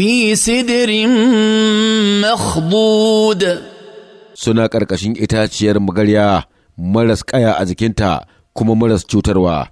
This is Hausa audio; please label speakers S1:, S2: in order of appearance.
S1: في sidirin مخضود
S2: suna ƙarƙashin itaciyar magarya maras ƙaya a jikinta kuma maras cutarwa.